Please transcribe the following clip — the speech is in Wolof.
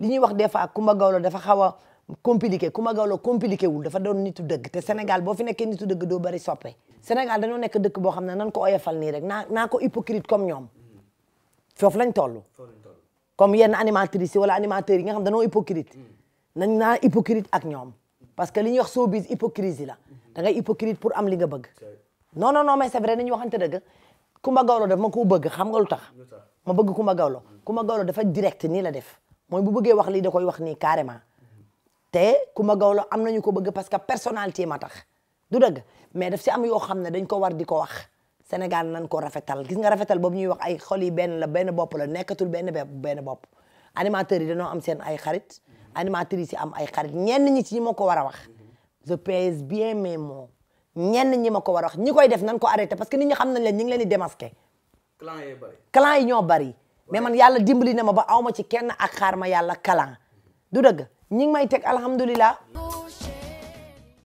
li ñuy wax des fois Kumba Gawlo dafa xaw a compliqué Kumba Gawlo compliqué wul dafa doon nitu dëgg te Sénégal boo fi nekkee nitu dëgg doo bari soppe Sénégal dañoo nekk dëkk boo xam ne nan ko oyofal nii rek naa naa ko hypocrite comme ñoom foofu lañ toll comme yenn animatrices yi wala animateurs yi nga xam dañoo hypocrite mm. nañ na hypocrite ak ñoom parce que li ñuy wax showbiz hypocrisie la mm-hmm. da ngay hypocrite am li nga bëgg non non non mais c'est vrai nañu waxante dëgg Kumba Gawlo daf ma koo bëgg xam nga lu tax ma bëgg Kumba Gawlo Kumba mm. Gawlo dafa direct nii la def mooy bu bëggee wax lii da koy wax nii carrément te Coumba Gawlo am nañu ko bëgg parce que personnalité ma tax du dëgg mais daf si am yoo xam ne dañ ko war di ko wax Sénégal nan ko rafetal gis nga rafetal boobu ñuy wax ay xol yi benn la benn bopp la nekkatul benn benn bopp animateurs yi dañoo am seen ay xarit animatrices yi am ay xarit ñenn ñi ci ñi ma ko war a wax je pèse bien mes mots ñenn ñi ma ko war a wax ñi koy def nan ko arrêté parce que nit ñi xam nañ leen ñu ngi leen di démasqué. clan clan yi ñoo bari. mais man yàlla dimbali na ma ba awma ci kenn ak xaar ma yàlla kalan du dëgg ñi ngi may teg alhamdulilah